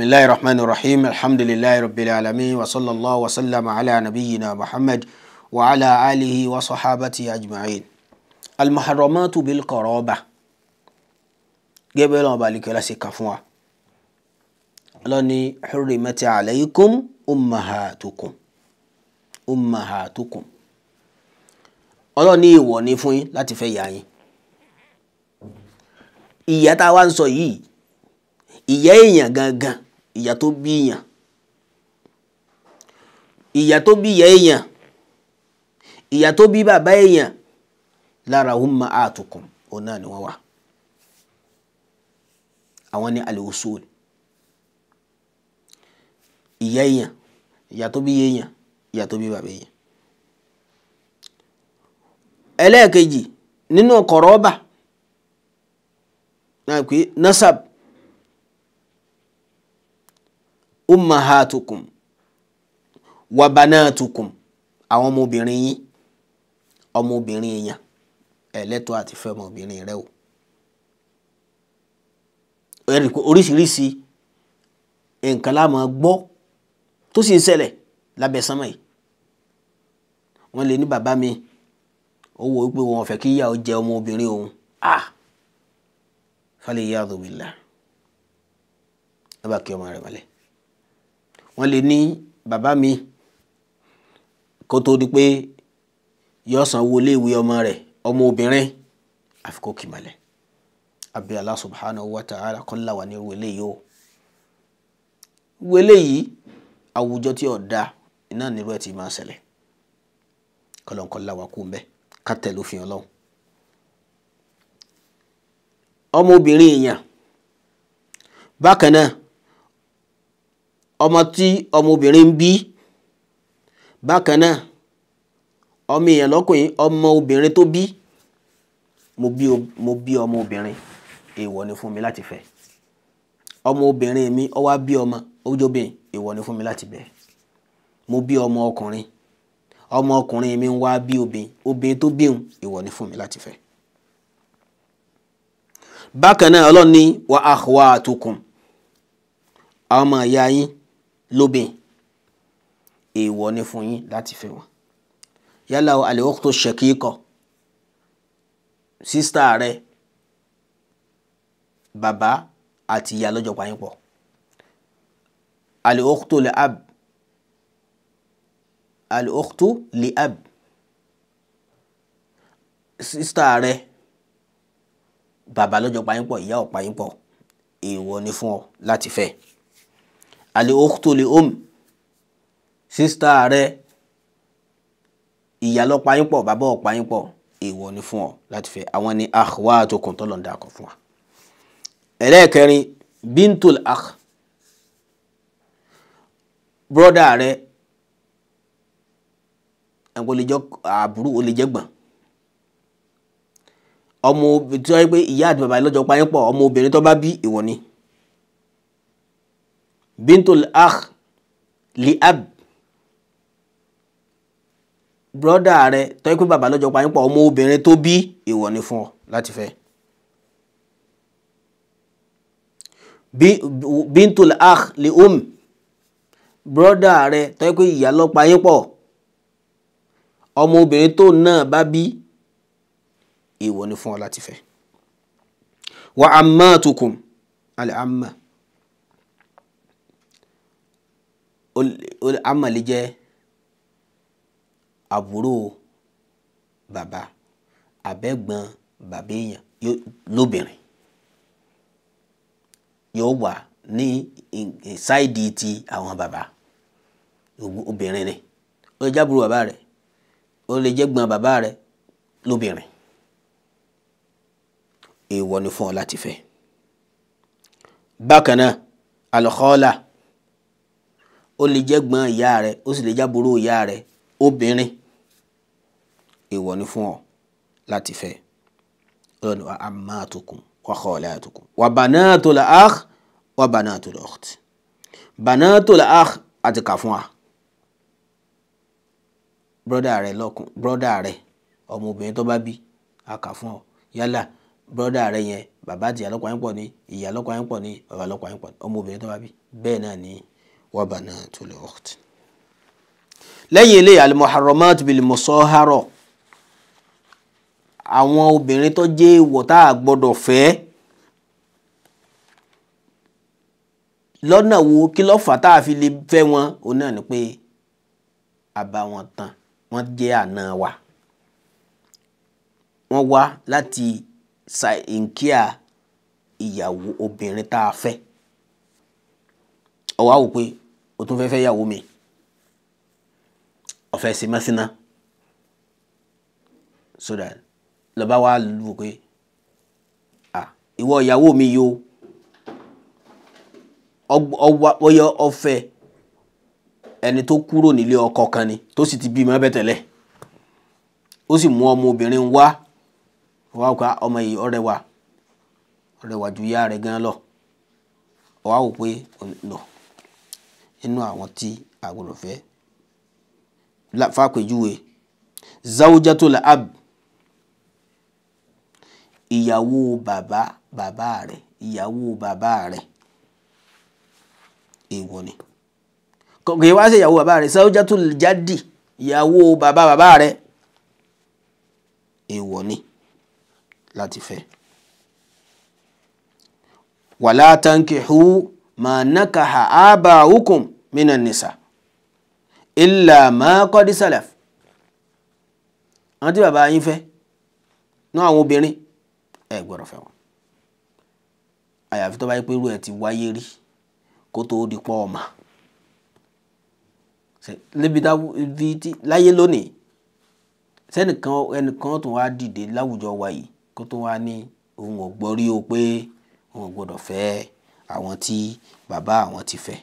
بسم الله الرحمن الرحيم الحمد لله رب العالمين وصلى الله وسلم على نبينا محمد وعلى آله وصحابته أجمعين المحرمات بالقرابة جبل بالك لا كفوا. لاني حرمت عليكم أمهاتكم أمهاتكم ọlọ́ni ìwọ̀ ni fún yín láti fẹ́ ìyá yín ìyá tá a wá ń sọ yìí ìyá èèyàn gangan ìyà tó bí èèyàn ìyà tó bí ìyá èèyàn ìyà tó bí bàbá èèyàn lára umma atukum òun náà ni wọ́n wà àwọn ní al-usul ìyá èèyàn ìyá tó bí èèyàn ìyá tó bí bàbá èèyàn ẹlẹ́ẹ̀kejì nínú kọ̀rọ̀ọ́bà náà pé nasab ummahatukum wa banatukum àwọn ọmọbìnrin yín ọmọbìnrin èèyàn ẹlẹ́tọ̀ọ́ àti fẹ́ ọmọbìnrin rẹ o oríṣiríṣi nǹkan la máa gbọ́ tó sì ń ṣẹlẹ̀ lábẹ́ sánmọ̀ yìí wọ́n lè ní bàbá mi ó wo pé wọn ò kí ìyá jẹ ọmọbìnrin òun à fálẹ̀ ìyá àdùnmí ẹ bá kí ọmọ rẹ̀ mọ́lẹ̀ wọ́n lè ní bàbá mi kó tó di pé yọ sanwó iléèwé ọmọ rẹ̀ ọmọ obìnrin àfikún kìmọ̀lẹ̀ àbí Allah subhanahu wa ta'ala wà ní irú yìí o irú yìí àwùjọ tí ò da iná nírú ẹ̀ ti máa ṣẹlẹ̀ kọlọ̀ǹkọ̀ wà kú mbẹ́ ká tẹ̀lé òfin ọlọ́run ọmọbìnrin èèyàn bákan náà ọmọ tí ọmọbìnrin ń bí bákan náà ọmọ èèyàn lọ́kùnrin ọmọ obìnrin tó bí mo bí mo bí ọmọ obìnrin èèwọ̀ ni fún mi láti fẹ́ ọmọ obìnrin mi ó wá bí ọmọ ojóbìnrin èèwọ̀ ni fún mi láti bẹ̀ mo bí ọmọ ọkùnrin ọmọ ọkùnrin mi ń wá bí obìnrin obìnrin tó bí èèwọ̀ ni fún mi láti fẹ́ bákan náà ọlọ́ni wa akhwatukum àwọn ọmọ ìyá yín lóbìn èèwọ̀ ni fún yín láti fẹ́ wọn yálà o al-ukhtu shaqiqa sísítà rẹ bàbá àti ìyá lọ́jọ́ pààyàn pọ̀ al-ukhtu li ab al-ukhtu li ab sísítà rẹ bàbá lọ́jọ́ pààyàn pọ̀ ìyá ò pààyàn pọ̀ èèwọ̀ ni fún ọ láti fẹ́ àlè òkútó lè om sísítà rẹ ìyá ló bàbá ò pa yín ni fún ọ láti fẹ́ àwọn ni akhwatukum tó lọ́n dàkọ̀ fún wa. ẹlẹ́ẹ̀kẹrin bintul akh bọ́dà rẹ ẹ̀kọ́ lè jọ àbúrò ó lè jẹ́ gbọ̀n ọmọ tí wọ́n yẹ pé ìyá àti bàbá ìlọ́jọ́ pa yín ọmọ obìnrin tó bá bí ìwọ ni bintul akh li ab brọ́dà rẹ tọ́ pé bàbá lọ́jọ́ pa yín ọmọ obìnrin tó bí ìwọ ni fún ọ láti fẹ́. bintul akh li um brọ́dà rẹ tọ́ pé ìyá yín pọ̀ ọmọ obìnrin tó náà bá bí ìwọ ni fún ọ láti fẹ́. wa ammatukum al amma. amọ̀lé jẹ́ àbúrò bàbá àbẹ́gbọ́n bàbá èèyàn lóbìnrin yóò wà ní ṣáìdì ti àwọn bàbá obìnrin ni ó lè jábúrò bàbá rẹ̀ ó lè jẹ́ gbọ́n bàbá rẹ̀ lóbìnrin èèwọ̀ ni fún ọ láti fẹ́ bákan náà alukọ́ọ́là ó lè jẹ́ gbọ́n ìyá rẹ ó sì lè jábúrò ìyá rẹ obìnrin èèwọ̀ ni fún ọ láti fẹ́ ọlọ́ni wa ammatukum wa khalatukum wa banatul akh wa banatul ukht banatul akh àti kà fún wa brọ́dà rẹ lọ́kùn brọ́dà rẹ ọmọ obìnrin tó bá bí a kà fún ọ yálà brọ́dà rẹ yẹn bàbá àti ìyá lọ́kọ ayé pọ̀ ní ìyá lọ́kọ pọ̀ ní bàbá lọ́kọ pọ̀ ní tó bá bí bẹ́ẹ̀ náà ni wa banatul ukht. lẹ́yìn ilé al-muharramat bil musahara àwọn obìnrin tó jẹ́ èèwọ̀ tá a gbọ́dọ̀ fẹ́ lọ́nà wo kí ló fà tá a fi lè fẹ́ wọn òun náà ni pé a bá wọn tán wọ́n jẹ́ àna wa wọ́n wá láti sa ìǹkíà ìyàwó obìnrin tá a fẹ́ ọwọ́ àwò pé o tún fẹ́ẹ́ fẹ́ mi ọ̀fẹ́ sí mẹ́sínà so that lọ́ba wa lù pé ah ìwọ ìyàwó mi yìí o ọyọ ọ̀fẹ́ ẹni tó kúrò nílé ọkọ kan ni tó sì ti bímọ ẹbẹ tẹ́lẹ̀ ó sì mú ọmọ obìnrin wá wá ká ọmọ yìí ọ̀rẹ́ wa ọ̀rẹ́ wa ju ìyá rẹ̀ gan lọ ọwọ àwò pé no nínú àwọn tí a gbọ́dọ̀ fẹ́ fàpèjúwe zawjatul ab ìyàwó bàbá bàbá rẹ ìyàwó bàbá rẹ èèwọ̀ ni kìí wá sí ìyàwó bàbá rẹ zawjatul jaddi ìyàwó bàbá bàbá rẹ èèwọ̀ ni láti fẹ́ wala tankihu ma nakaha aba'ukum minan nisa illa ma qad salaf àwọn tí bàbá yín fẹ́ náà àwọn obìnrin ẹ gbọ́dọ̀ fẹ́ wọn àyàfi tó bá yẹ pé irú ẹ ti wáyé rí kó tóó di pọ́ ọ̀mà lébi láyé lónìí sẹ́nìkan ẹnìkan tó wá dìde láwùjọ wa kó tó wá ní òun ò gbọ́ rí o pé òun ò gbọ́dọ̀ fẹ́ ẹ́ àwọn tí bàbá àwọn ti fẹ́.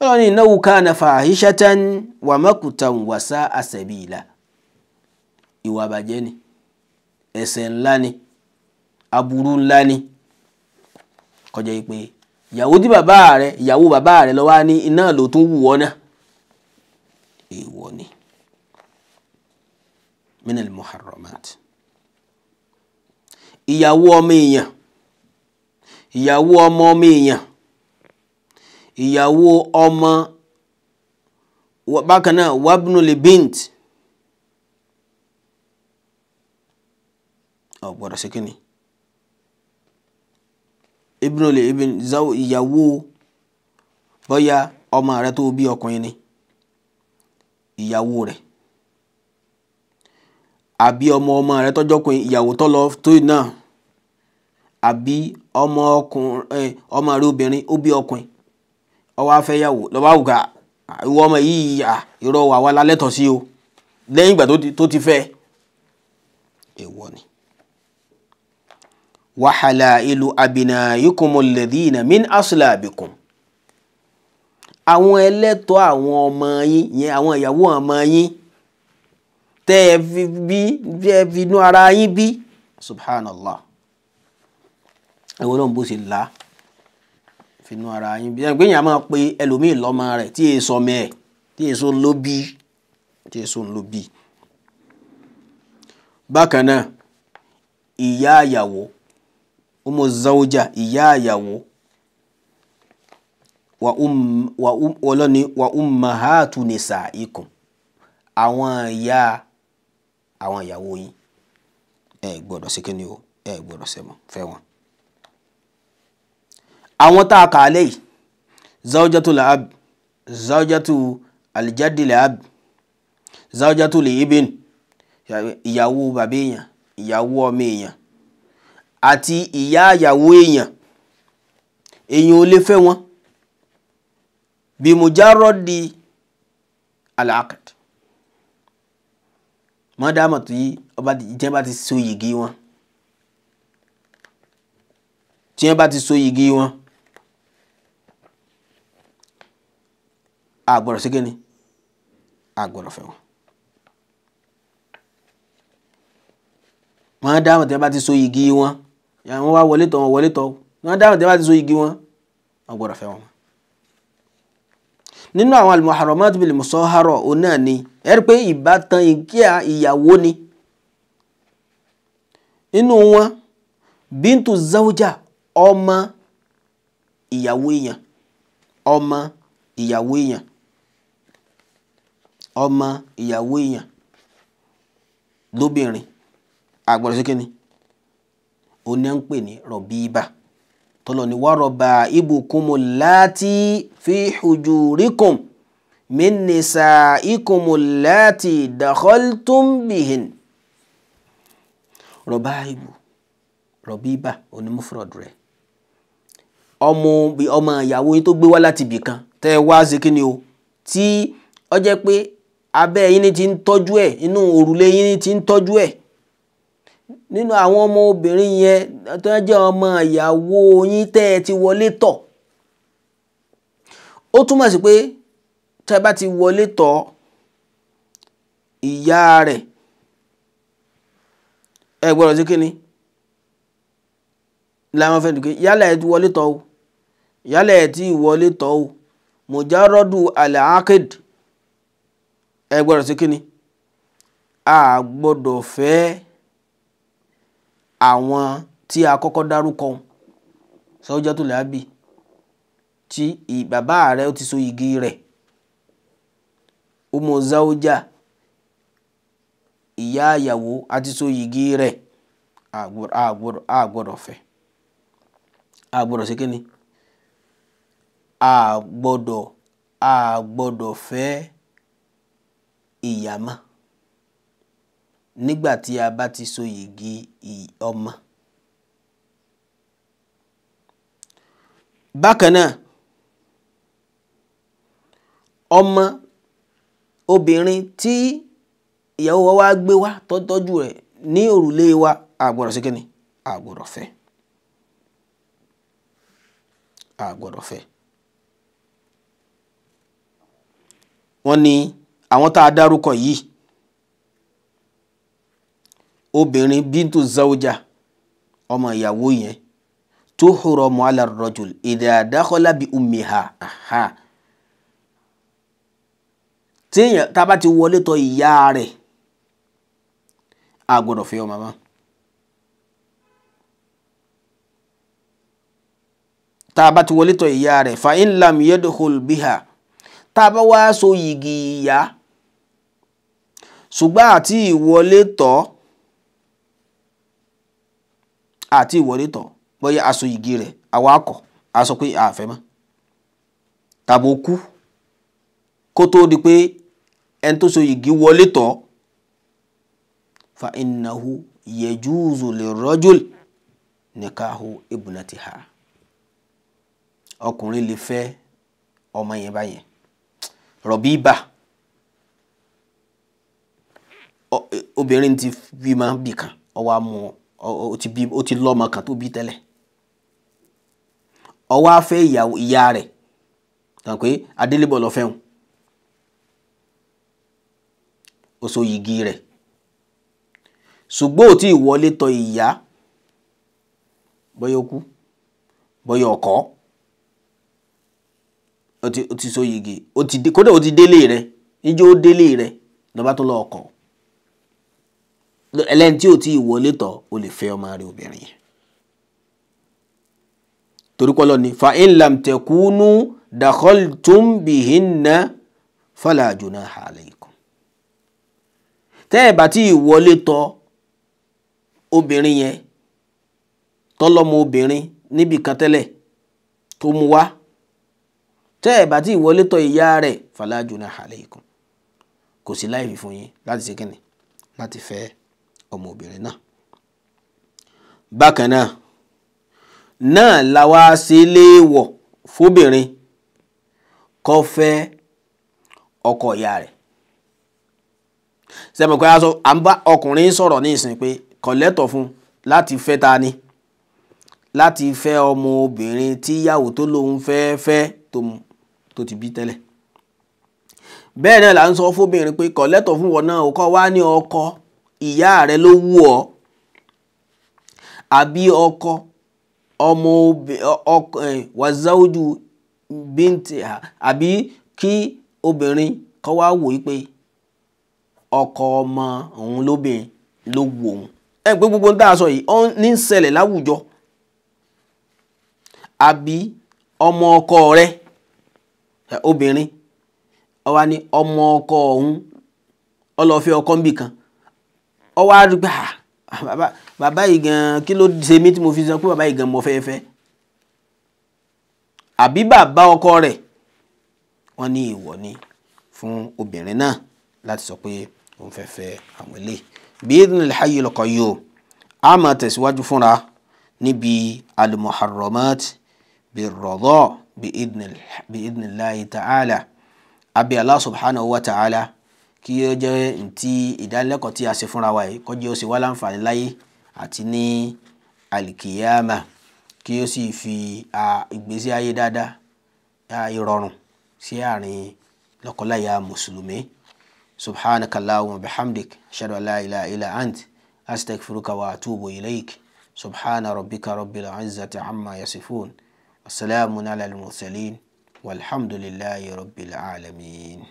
ọlọ́run ní innahu kana fahishatan wa maqtan wa sa'a sabila ìwà àbàjẹ́ ni ẹ̀ṣẹ̀ ńlá ni aburú ńlá ni kọjá yìí pé ìyàwó tí bàbá rẹ ìyàwó bàbá rẹ lọ wá ní iná ló tún wù ọ náà èèwọ̀ ni minal muharramat ìyàwó ọmọ èèyàn ìyàwó ọmọ ọmọ èèyàn ìyàwó ọmọ bákan náà wabnuli bint ọ̀gbọ́dọ̀ sí kínní ibnuli ibn zaw ìyàwó bọ́yá ọmọ rẹ tó bí ọkùnrin ni ìyàwó rẹ àbí ọmọ ọmọ rẹ tọjọkùnrin ìyàwó tó lọ náà àbí ọmọ ọkùnrin eh, ọmọ rẹ obìnrin ó bí ọkùnrin ọwọ́ afẹ́yàwó lọ́wọ́ àwùgà ìwọ ọmọ yìí à irọ́ wà wá lálẹ́tọ̀ sí o lẹ́yìn ìgbà tó ti fẹ́ èèwọ̀ ni. wàhálà ìlú abinayikum alladhina min aslabikum àwọn ẹlẹ́tọ̀ àwọn ọmọ yín yẹn àwọn ìyàwó ọmọ yín tẹ́ ẹ fi bí ẹ fi inú ara yín bí subhanallah ẹwọ lọ́n bó ṣe là á finú ara yín bí ẹgbẹ́ yẹn a máa pe ẹlòmíì lọ́mọ rẹ̀ tí èso ọmọ ẹ̀ tí èso ń ló bí tí èso ń ló bí. bákan náà ìyá àyàwó ọmọ zawuja ìyá àyàwó ọlọ́ni um, um, wa ummahatu nisaikum àwọn ìyá àwọn ìyàwó yín ẹ gbọ́dọ̀ ṣe kí o ẹ gbọ́dọ̀ ṣe mọ́ fẹ́ wọn àwọn tá a kà á lẹ́yìn zawjatu laab zawjatu alijadi laab zawjatu liibin ìyàwó bàbá èèyàn ìyàwó ọmọ èèyàn àti ìyá ìyàwó èèyàn èèyàn ò lè fẹ́ wọn bí mujarradi alaqad mọ́dàmọ̀ tó yí ọba jẹ́ bá ti so yìgì wọn tí bá ti so yìgì wọn. àgbọ̀rọ̀ sí kíni àgbọ̀rọ̀ fẹ́ wọn. wọ́n á dáhùn tẹ́ bá ti so igi wọn àwọn wá wọlé tọ̀ wọn wọlé tọ̀ wọ́n á dáhùn tẹ́ bá ti so igi wọn wọ́n gbọ́dọ̀ fẹ́ wọn. nínú àwọn al-muharramat bil musahara òun náà ni ẹ rí i pé ìbátan ìkíà ìyàwó ni nínú wọn bíntu zawja ọmọ ìyàwó èèyàn ọmọ ìyàwó èèyàn ọmọ ìyàwó èèyàn lóbìnrin àgbọ̀dọ̀ sí kínní oní ń pè ní rọ̀bíbà tọ́lọ̀ ní wárọ̀bà ibùkúnmu láti fi hujurikum min nisaikum láti dakhaltum bihin rọ̀bà ibù rọ̀bíbà onímúfúrọ̀d rẹ̀ ọmọ ọmọ ìyàwó yín tó gbé wá láti ibì kan tẹ́ ẹ wá sí kínní o tí ó jẹ́ pé abẹ́ yín ni ti ń tọ́jú ẹ̀ inú òrùlé yín ni ti ń tọ́jú ẹ̀ nínú àwọn ọmọ obìnrin yẹn tó ń jẹ́ ọmọ ìyàwó yín tẹ́ ẹ ti wọlé tọ̀ ó túmọ̀ sí pé tẹ́ ẹ bá ti wọlé tọ̀ ìyá rẹ̀ ẹ gbọ́dọ̀ sí kínní làwọn fẹ́ dùkẹ́ yálà ẹ ti wọlé tọ̀ o yálà ẹ ti wọlé tọ̀ o mùjárọ́dù al ẹ gbọ́dọ̀ sí kíni a gbọ́dọ̀ fẹ́ àwọn tí a kọ́kọ́ dárúkọ sọ́jọ́ tó lábì tí bàbá rẹ̀ ó ti so igi rẹ̀ ọmọ záwójà ìyá àyàwó àti so igi rẹ̀ a gbọ́dọ̀ fẹ́ a gbọ́dọ̀ sí kíni a gbọ́dọ̀ a gbọ́dọ̀ fẹ́ ìyàmọ́ nígbà tí a bá ti so yìgì ọmọ. bákan náà ọmọ obìnrin tí ìyàwó wa wá gbé wá tọ́jú rẹ̀ ní òrùlé wa àgbọ̀dọ̀ sí kínní àgbọ̀dọ̀ fẹ́ àgbọ̀dọ̀ fẹ́ wọ́n ní àwọn tá a dárúkọ yìí obìnrin bíntu zawja ọmọ ìyàwó yẹn tó hùrọ̀ mọ́ ala rajul ìdè àdákọ́lá bíi ummiha téèyàn tá a bá ti wọlé tọ̀ ìyá rẹ̀ a gbọ́dọ̀ fẹ́ ọmọ mọ́. tá a bá ti wọlé tọ̀ ìyá rẹ̀ fa in lam yadkhul biha tá a bá wá so yìgì ìyá ṣùgbọ́n àti ìwọlé tọ́ àti ìwọlé tọ́ bóyá aṣọ yìgì rẹ̀ àwa akọ̀ a sọ pé àfẹ́ mọ́ tàbí ó kú kó tó di pé ẹni tó so yìgì wọlé tọ́ fa innahu yajuzu lirrajul nikahu ibnatiha ọkùnrin lè fẹ́ ọmọ yẹn báyẹn Rọ̀bíbà obìnrin ti bímọ bìkan ọwọ́ amú ó ti lọ́mọ kan tó bí tẹ́lẹ̀ ọwọ́ afẹ́ ìyá rẹ̀ tàn pé adélébọ̀ lọ fẹ́hùn ó so yìgì rẹ̀ ṣùgbọ́n ò tí ì wọlé tọ ìyá bọ́yọ̀ kú bọ́yọ̀ ọkọ̀ọ́ o ti o ti so yìgì o ti de kódà o ti délé rẹ níjó délé rẹ lọ́ba tó lọ ọkọ ẹlẹ́ni tí o ti wọlé tọ̀ o lè fẹ́ ọmọ rẹ obìnrin yẹn torí kọ́ lọ ni fa in lam takunu dakhaltum bihinna fala junaha alaykum tẹ́ ẹ̀ bá ti wọlé tọ̀ obìnrin yẹn tọ́lọ́mọ obìnrin níbi kan tẹ́lẹ̀ tó mu wá tẹ́ ẹ̀ bá ti wọlé tọ̀ ìyá rẹ̀ fala junaha alaykum kò sí láì fi fún yín láti ṣe kíni láti fẹ́ ọmọ obìnrin náà. bákan náà náà làwa ṣe léèwọ̀ fóbìnrin kó fẹ́ ọkọ ìyá rẹ̀ sẹ́mi kọ́ ya sọ à ń bá ọkùnrin sọ̀rọ̀ ní ìsìn pé kọ̀lẹ́tọ̀ fún láti fẹ́ ta ni láti fẹ́ ọmọ tíyàwó tó lóun fẹ́ fẹ́ tó mu tó ti bí tẹ́lẹ̀ bẹ́ẹ̀ náà là ń sọ fóbìnrin pé kọ̀lẹ́tọ̀ fún wọn náà ò kọ́ wá ní ọkọ ìyá rẹ ló wù ọ́ àbí ọkọ ọmọ ọkọ wàzáwójú bíntì àbí kí obìnrin kọ́ wá wò pé ọkọ ọmọ òun lóbìnrin ló wù gbogbo ń sọ yìí ó ní ń ṣẹlẹ̀ láwùjọ àbí obìnrin ó wá ní ọmọ ọkọ ọ̀hún ó lọ fẹ́ ọkọ níbì kan ó wá rí pé ah, bàbá yìí gan kí ló ṣe mí tí mo fi sọ pé bàbá yìí gan mo fẹ́ fẹ́ àbí bàbá ọkọ rẹ̀ wọ́n ní èèwọ̀ ni fún obìnrin náà láti sọ pé òun fẹ́ fẹ́ àwọn ilé bi'idhnil hayyil qayyum a máa tẹ̀síwájú fúnra níbi al-muharramat bir bi'idnillahi ta'ala abi Allah subhanahu wa ta'ala kí ó jẹ́ ntí ìdánilẹ́kọ̀ọ́ tí a ṣe fúnra wa yìí kó jẹ́ ó sì wá láǹfààní láyé àti ní alikiyama kí ó sì fi ìgbésí ayé dáadáa ìrọ̀rùn sí àárín lọ́kọláya mùsùlùmí subhanaka allahumma bihamdik ashhadu an la ilaha illa ant astaghfiruka wa atubu ilayk subhana rabbika rabbil izzati amma yasifun. السلام على المرسلين والحمد لله رب العالمين